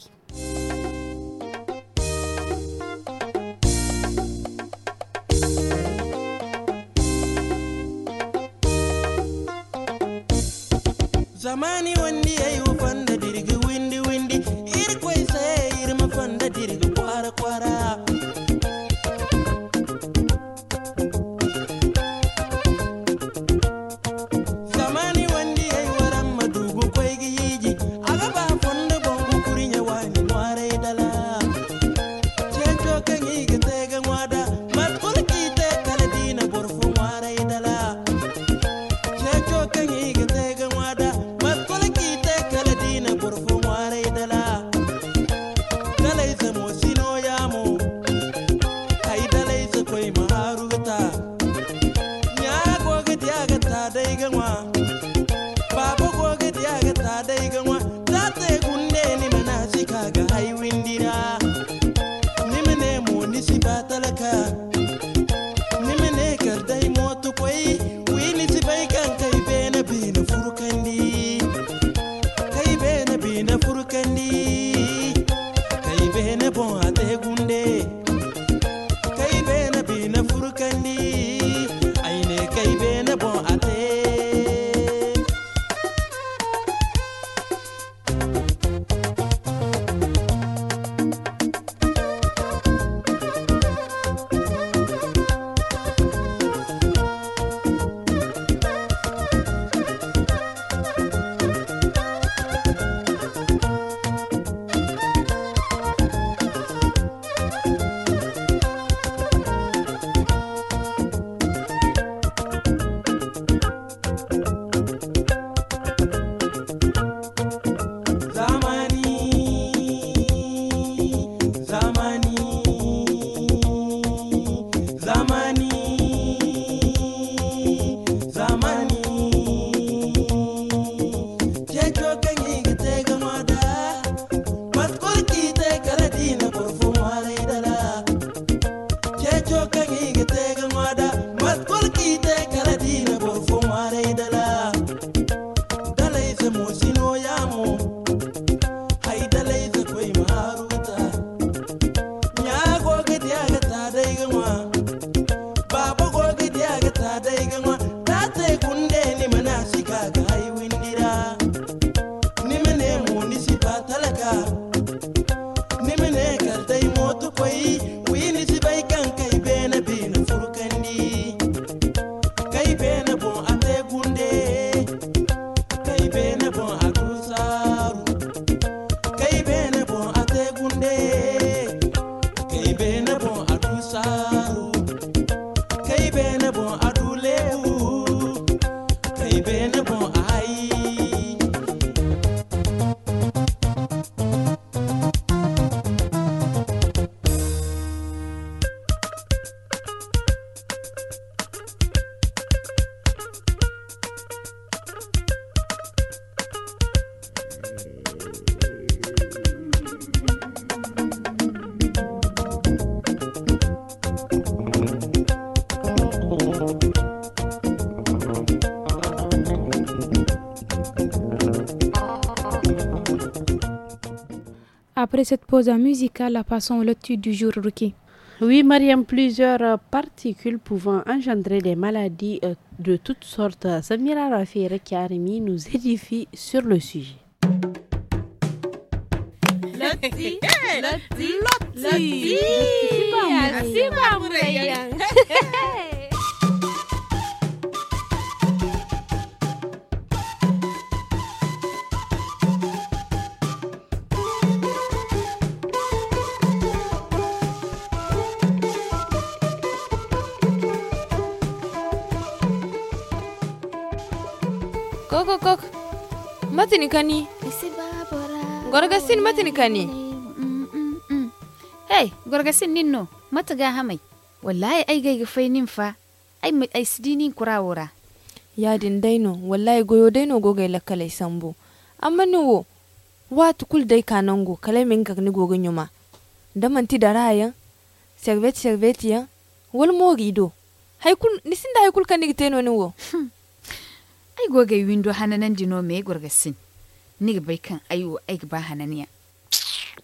cette pause musicale, la passons le du jour, Ruki. Oui, Mariam, plusieurs euh, particules pouvant engendrer des maladies euh, de toutes sortes. Euh, Samira Rafi et nous édifie sur le sujet. kok kok matini kani gorgasin matini kani hey gorgasin ninno ga hamai wallahi ai gai gafai nin fa ai mai ai sidinin kurawura yadin daino wallahi goyo daino gogai lakalai sambo amma ni wo wa tukul dai kanango kalai min ga ni gogon yuma da manti da rayan servet servet yan wal morido haikul nisin da haikul kan ni teno ni wo hmm. ai goga windo hananan dino me gorga sin ni bai kan ayo ai ba hananiya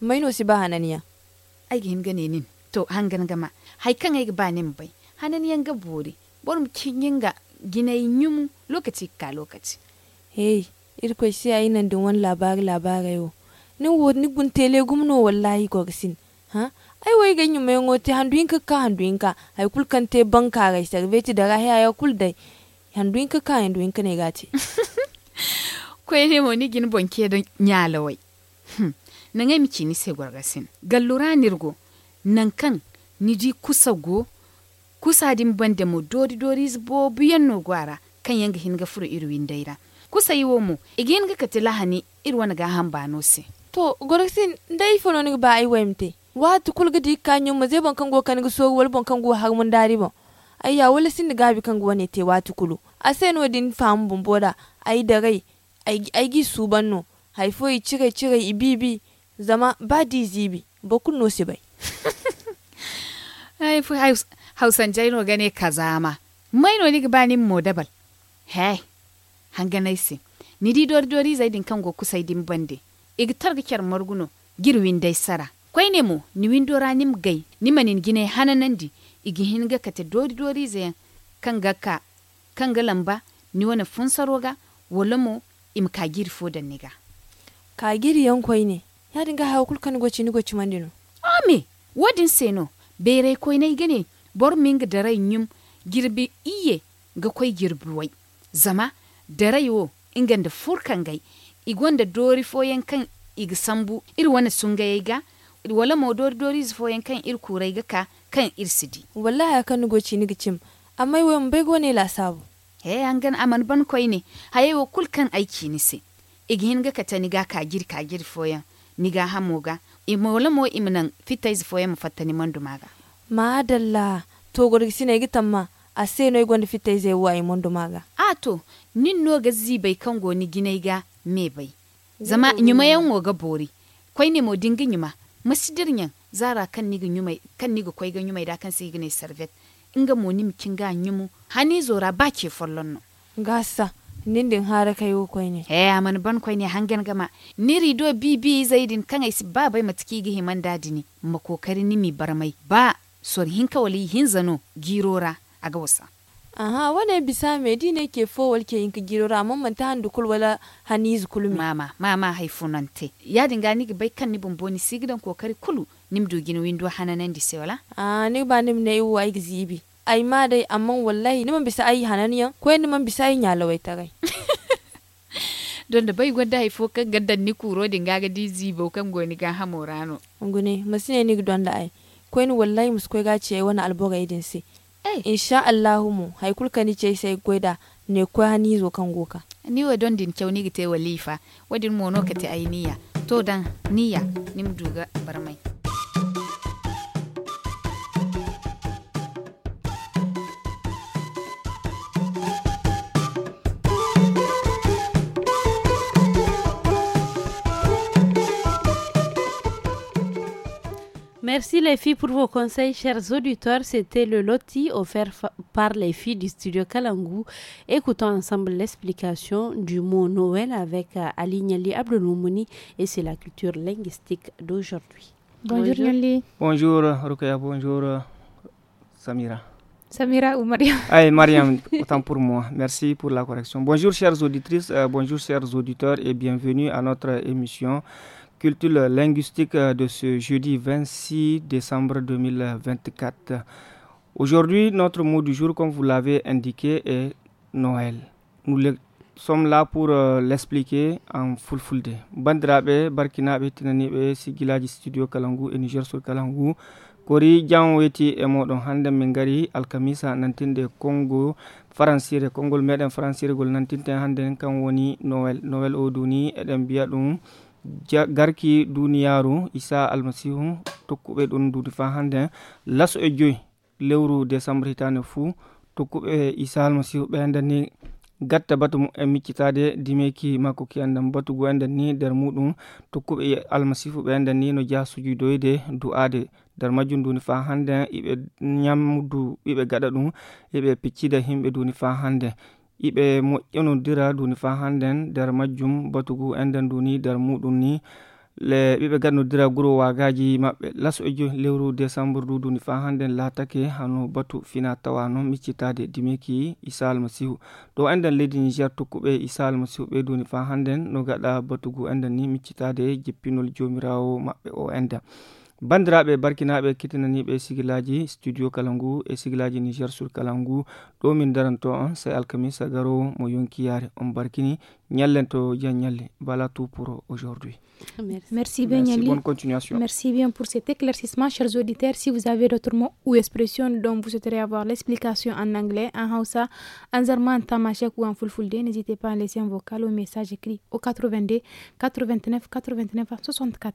mai no si ba hananiya ai hin gane nin to hangan gama hai kan ai ba nin bai hananiyan ga bore bor mu kin ga gina nyum lokaci ka lokaci hey ko si ai nan don wani labari labari yo ni wo ni gun tele gumno wallahi gorga sin ha ai wai ganyu mai ngote handuinka ka handuinka ai kul kan te banka ga serveti da rahiya ya kul dai yanduinka ka yanduinka ne gati ma ni gin bonke don wai hmm. nangai mici ni se gwargasin gallura nirgo nan kan niji kusa go kusa din banda mu dori dori zbo biyan no gwara kan yanga hinga furu irwin daira kusa yiwo mu igin ga katila hani irwan ga hamba no se to gwargasin dai fono ni ba ai wemte wa tukul ga dikanyo maze bonkan go kan ga so wal bonkan go har mun dari bon ayya wala da gabi kan gwane te a kulu asen wadin fam bomboda ai da rai ai gi banno haifo yi cire cire ibibi zama ba di zibi ba kunno si bai ai fu hausan jaino gane kazama mai no ni banin modabal dabal hey hanganai si ni di dori dori zaidin kan go kusai din bande igtar gikyar marguno girwin dai sara ne mo ni ranim gai ni manin gine hananandi igi hinga kate dori dori zayan kanga ka kanga lamba ni wana funsaroga wala mo im kagiri da niga kagiri yan ne ya dinga hawa ni gwaci ni man mandino ame wadin seno bere na gane bor ga darai nyum girbi iye ga kwai girbi wai zama darai wo inganda furkan gai igwanda dori yan kan igi sambu iri wani yi ga wala mo dori dori zifoyen kan ir kurai ga ka kan ir sidi wallahi kan nugo ci ni cim amma yi wayan bai gone la sabu he an gan aman ban koi ne haye wa kul kan aiki ni se ighin ga ka ta ni ga ka gir ka gir foyen ni ga hamo ga imo wala mo imnan fitai ma mu ni mandu maga madalla to gorgisi ne gitan ma a sai no gwanda fita zai wa mandu maga A to, nin no ga zibai kan goni ginai ga me bai. Zama nyuma yan ga bori, kwai ne mo dinga nyuma masidir zara kan niga nyuma kan niga koy ga nyumai da kan sai gane servet inga moni kin ga nyumu hani zora ba ke follon gasa nindin hara kai wo koy ne eh aman ban koy ne hangen gama niri do bibi zaidin kan ai si babai matiki ga himan ni makokari nimi barmai ba sor hinka wali hinzano girora aga wasa aha wane bisa di ne ke fo walke inka giro ramon man ta handu kul wala haniz kulmi mama mama haifunante ya dinga ni bai kan ni bomboni sigdan kokari kulu nim do gino windo hananan di se wala ah ni ba nim ne wa zibi. ai ma dai amma wallahi niman bisa ai hananiyan ko niman bisa ai nyalawai tarai *laughs* don da bai gwada haifo kan gaddan ni kuro dinga ga dizi bau kan goni ga hamorano ngune masine ni don da ai ko ni wallahi muskoi ga ce wani alboga idin sai insha allahu mu haikul ni ce sai gwada ne kwa ni zo kan goka ni wa don din kyau ni gite walifa wadin mono kate ta ainiya to dan niya nim duga barmai Merci les filles pour vos conseils, chers auditeurs. C'était le loti offert par les filles du studio Kalangu. Écoutons ensemble l'explication du mot Noël avec euh, Ali Nyali Abdeloumouni et c'est la culture linguistique d'aujourd'hui. Bonjour, Bonjour Rukaya, bonjour euh, Samira. Samira ou Mariam *laughs* Mariam, autant pour moi. Merci pour la correction. Bonjour chères auditrices, euh, bonjour chers auditeurs et bienvenue à notre émission culture linguistique euh, de ce jeudi 26 décembre 2024. Aujourd'hui, notre mot du jour, comme vous l'avez indiqué, est Noël. Nous sommes là pour euh, l'expliquer en full full fulfulde. Bandrabe, Barkinabe, Tinanibe, Sigilaji Studio Kalangu et Niger sur Kalangu. kori jan weti e moɗon hande Mengari gari alkamisa de congo faransire konngol meɗen nantin nantinten hande kan woni Noël. Noël o duni eɗen mbiya garki duniyaru isa almasihu tokkuɓe ɗon dudi fa hande laso e joyi lewru décembre hitane fou tokkuɓe e isa almasihu ɓe enden ni gatta batu e miccitade dimeki makko ki enden batugo enden ni nder muɗum tokkuɓe e almasihu ɓe enden ni no jaha sujudoyde du'ade nder majjum duni fa hande iɓe ñamdu iɓe gaɗa ɗum iɓe piccida himɓe duni fa hande yiɓe moƴƴono dira duni fa hannden nder majjum batugu enden duni nder muɗum ni le ɓiɓe gadno dira guro wagaji maɓɓe las o e jo lewru décembre du duni fa hannden latake hano batu fina tawa noon miccitade dimiki issa almasihu ɗo enden leydi nigér tokkuɓe issa almasihu ɓe duni fa hannden no gaɗa batugu enden ni miccitade jippinol jomirawo maɓɓe o enden bandiraɓe barkinaɓe kettinaniɓe sigilaji studio kalangu e sigilaji niger sur kalangu ɗo min daranto on sey alkamisa garowo mo Nyalento, on barkini voilà tout pour aujourd'hui merci, bien merci, bonne continuation merci bien pour cet éclaircissement chers auditeurs si vous avez d'autres mots ou expressions dont vous souhaiterez avoir l'explication en anglais en hausa en zarma en tamashek ou en fulfulde n'hésitez pas à laisser un vocal ou un message écrit au 82 89 89 64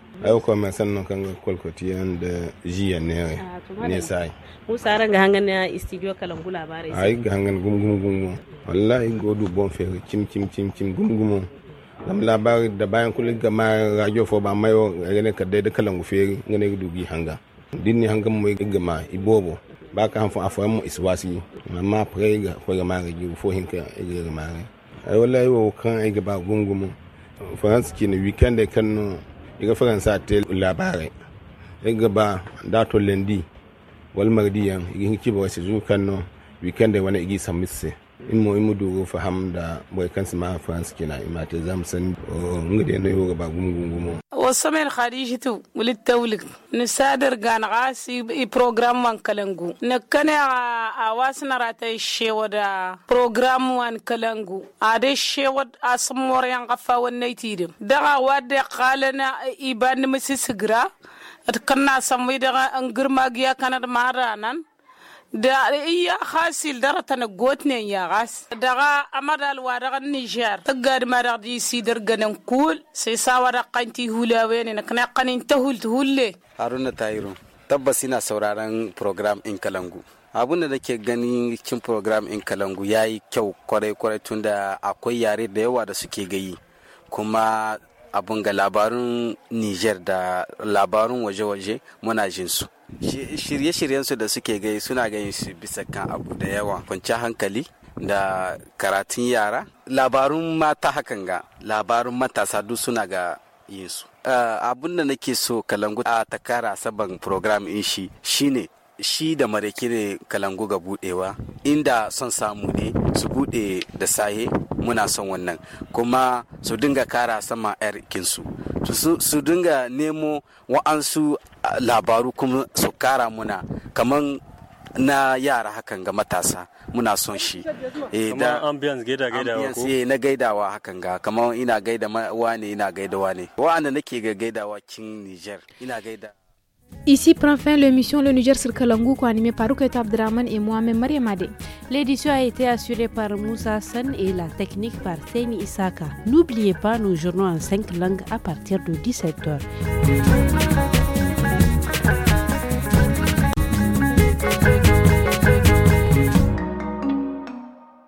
aw commençant no kanga kolkoti yanda jiya ne ah, ne sai ku sara ga hangan na studio kalan gula bare ai ga hangan gum gum gum wallahi godu bon fe kim kim kim kim gum gum lam labari da bayan kulin ga ma radio fo ba mayo ne ka da da kalan guferi ngane dubi hanga dinni hanga mu ga ma ibobo ba ka hanfo afo mu iswasi amma pray ga ko ga ma ga ji fo hinka ga ma ai wallahi wo kan ai ga ba gum gum fa hanski ne weekend e kan daga faransa te labarai iga ba dato diyan wal mardiyan ba wasu wasi zukanno da wani igi samise imo imo dugo faham da boy kan sama fans kina ta zam san ngade no yoga ba gum gum gum wa samel khadijatu wulit tawlik ni sadar gan gasi i program wan kalangu ne kane a wasna rata shewa da program wan kalangu a da shewa a samor yan gafa da da daga wadda qalana iban misisigra at kanna samwi daga an girma giya kanar maranan da iya hasil dara tana gotne ya gas daga amadal wa daga niger ma daga di dar ganin kul sai sawa da kanti hulawe ne na kana kanin ta hul hulle haruna tayiro tabbas ina sauraron program in kalangu abun da nake gani cikin program in kalangu yayi kyau kwarai kwarai tunda akwai yare da yawa da suke gayi kuma abun ga labarun niger da labarun waje-waje muna jinsu shirye-shiryensu da suke gai suna ganin su bisa kan abu da yawa kwanci hankali da karatun yara labarun mata hakan ga labarun matasa duk suna ga yinsu eh, abun da nake so kalangu a takara saban program in shi shine shi da mareke ne kalangu ga budewa inda son samu ne su bude da saye muna son wannan kuma su dinga kara sama yarkinsu su dinga nemo wa'ansu labaru kuma su kara muna kaman na yara hakan ga matasa muna son shi eh da ambiance gaida gaidawa ko eh na gaidawa hakan ga kaman ina gaida wane ina gaidawa ne wa'anda nake ga gaidawa Niger ina gaida Ici prend fin l'émission Le Niger sur Kalangou, animée par Ruket Abdraman et moi-même Mariam L'édition a été assurée par Moussa Sen et la technique par Seni Isaka. N'oubliez pas nos journaux en cinq langues à partir de 17h.